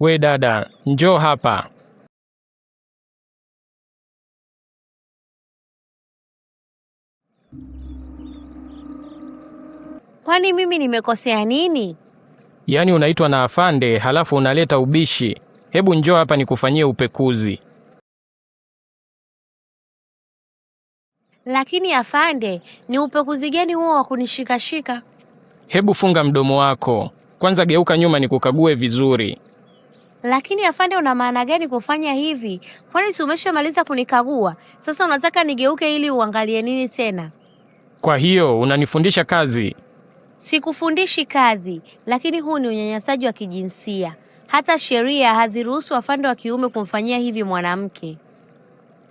We dada, njoo hapa Kwani mimi nimekosea nini? Yaani unaitwa na afande halafu unaleta ubishi. Hebu njoo hapa nikufanyie upekuzi. Lakini afande, ni upekuzi gani huo wa kunishikashika? Hebu funga mdomo wako kwanza, geuka nyuma nikukague vizuri. Lakini afande, una maana gani kufanya hivi? Kwani si umeshamaliza kunikagua? Sasa unataka nigeuke ili uangalie nini tena? Kwa hiyo unanifundisha kazi? Sikufundishi kazi, lakini huu ni unyanyasaji wa kijinsia. Hata sheria haziruhusu afande wa kiume kumfanyia hivi mwanamke.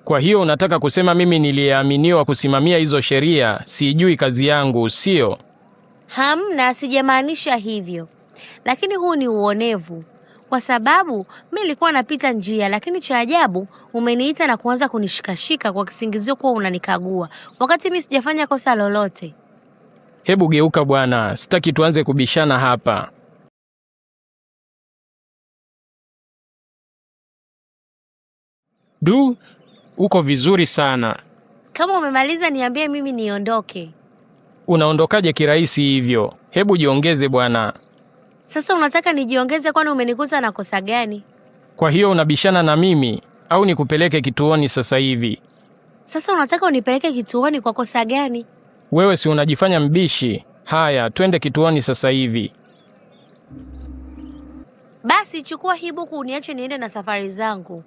Kwa hiyo unataka kusema mimi niliyeaminiwa kusimamia hizo sheria sijui kazi yangu, sio? Hamna, sijamaanisha hivyo, lakini huu ni uonevu kwa sababu mi nilikuwa napita njia, lakini cha ajabu umeniita na kuanza kunishikashika kwa kisingizio kuwa unanikagua wakati mi sijafanya kosa lolote. Hebu geuka bwana, sitaki tuanze kubishana hapa. Du, uko vizuri sana. Kama umemaliza niambie, mimi niondoke. Unaondokaje kirahisi hivyo? Hebu jiongeze bwana. Sasa unataka nijiongeze, kwani umenikuza na kosa gani? Kwa hiyo unabishana na mimi au nikupeleke kituoni sasa hivi? Sasa unataka unipeleke kituoni kwa kosa gani? Wewe si unajifanya mbishi? Haya, twende kituoni sasa hivi. Basi chukua hii buku uniache niende na safari zangu.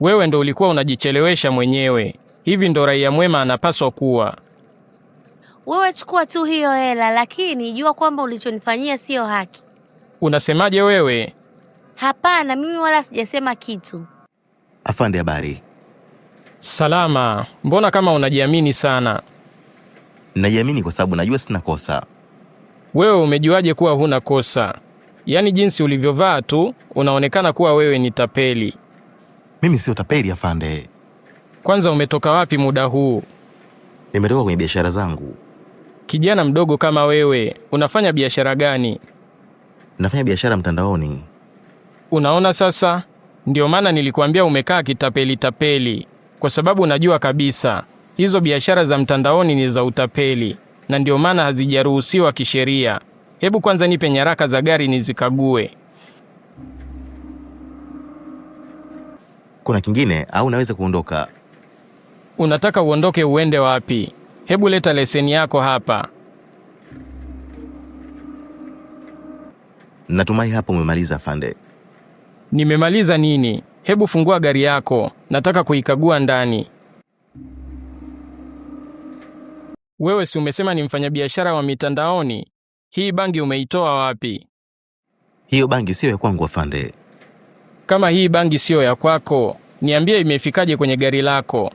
Wewe ndo ulikuwa unajichelewesha mwenyewe. Hivi ndo raia mwema anapaswa kuwa. Wewe chukua tu hiyo hela, lakini jua kwamba ulichonifanyia siyo haki. Unasemaje wewe? Hapana, mimi wala sijasema kitu. Afande, habari? Salama. Mbona kama unajiamini sana? Najiamini kwa sababu najua sina kosa. Wewe umejuaje kuwa huna kosa? Yaani jinsi ulivyovaa tu unaonekana kuwa wewe ni tapeli. Mimi sio tapeli afande. Kwanza umetoka wapi muda huu? Nimetoka kwenye biashara zangu. Kijana mdogo kama wewe unafanya biashara gani? nafanya biashara mtandaoni. Unaona sasa, ndio maana nilikuambia umekaa kitapeli tapeli, kwa sababu unajua kabisa hizo biashara za mtandaoni ni za utapeli, na ndio maana hazijaruhusiwa kisheria. Hebu kwanza nipe nyaraka za gari nizikague. Kuna kingine au naweza kuondoka? Unataka uondoke uende wapi? Hebu leta leseni yako hapa. Natumai hapo umemaliza fande Nimemaliza nini? Hebu fungua gari yako, nataka kuikagua ndani. Wewe si umesema ni mfanyabiashara wa mitandaoni? Hii bangi umeitoa wapi? Hiyo bangi siyo ya kwangu afande. Kama hii bangi siyo ya kwako, niambie imefikaje kwenye gari lako?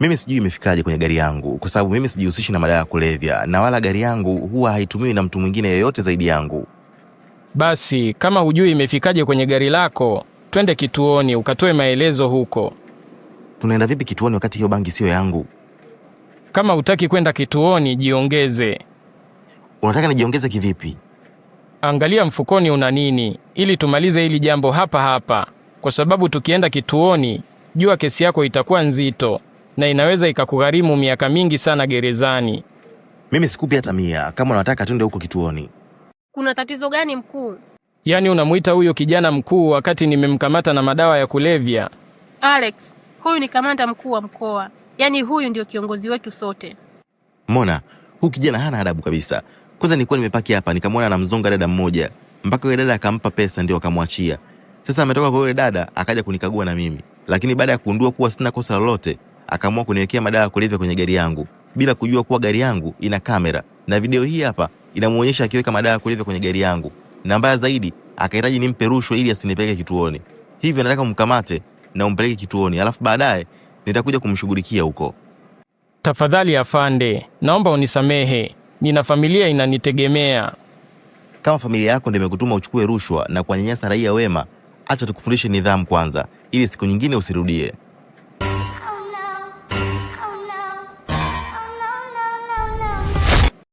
Mimi sijui imefikaje kwenye gari yangu, kwa sababu mimi sijihusishi na madawa ya kulevya, na wala gari yangu huwa haitumiwi na mtu mwingine yeyote zaidi yangu. Basi kama hujui imefikaje kwenye gari lako, twende kituoni ukatoe maelezo huko. Tunaenda vipi kituoni wakati hiyo bangi siyo yangu? Kama hutaki kwenda kituoni, jiongeze. Unataka nijiongeze kivipi? Angalia mfukoni una nini, ili tumalize hili jambo hapa hapa, kwa sababu tukienda kituoni, jua kesi yako itakuwa nzito na inaweza ikakugharimu miaka mingi sana gerezani. Mimi sikupi hata mia. Kama unataka twende huko kituoni. Kuna tatizo gani mkuu? Yaani unamwita huyo kijana mkuu wakati nimemkamata na madawa ya kulevya? Alex, huyu ni kamanda mkuu wa mkoa, yaani huyu ndio kiongozi wetu sote. Mona, huyu kijana hana adabu kabisa. Kwanza nilikuwa nimepaki hapa nikamwona anamzonga dada mmoja, mpaka yule dada akampa pesa ndio akamwachia. Sasa ametoka kwa yule dada akaja kunikagua na mimi, lakini baada ya kugundua kuwa sina kosa lolote akaamua kuniwekea madawa ya kulevya kwenye gari yangu bila kujua kuwa gari yangu ina kamera na video hii hapa inamuonyesha akiweka madawa ya kulevya kwenye gari yangu, na mbaya zaidi akahitaji nimpe rushwa ili asinipeleke kituoni. Hivyo nataka mkamate na umpeleke kituoni, alafu baadaye nitakuja kumshughulikia huko. Tafadhali afande, naomba unisamehe, nina familia inanitegemea. Kama familia yako ndio imekutuma uchukue rushwa na kuwanyanyasa raia wema, acha tukufundishe nidhamu kwanza, ili siku nyingine usirudie.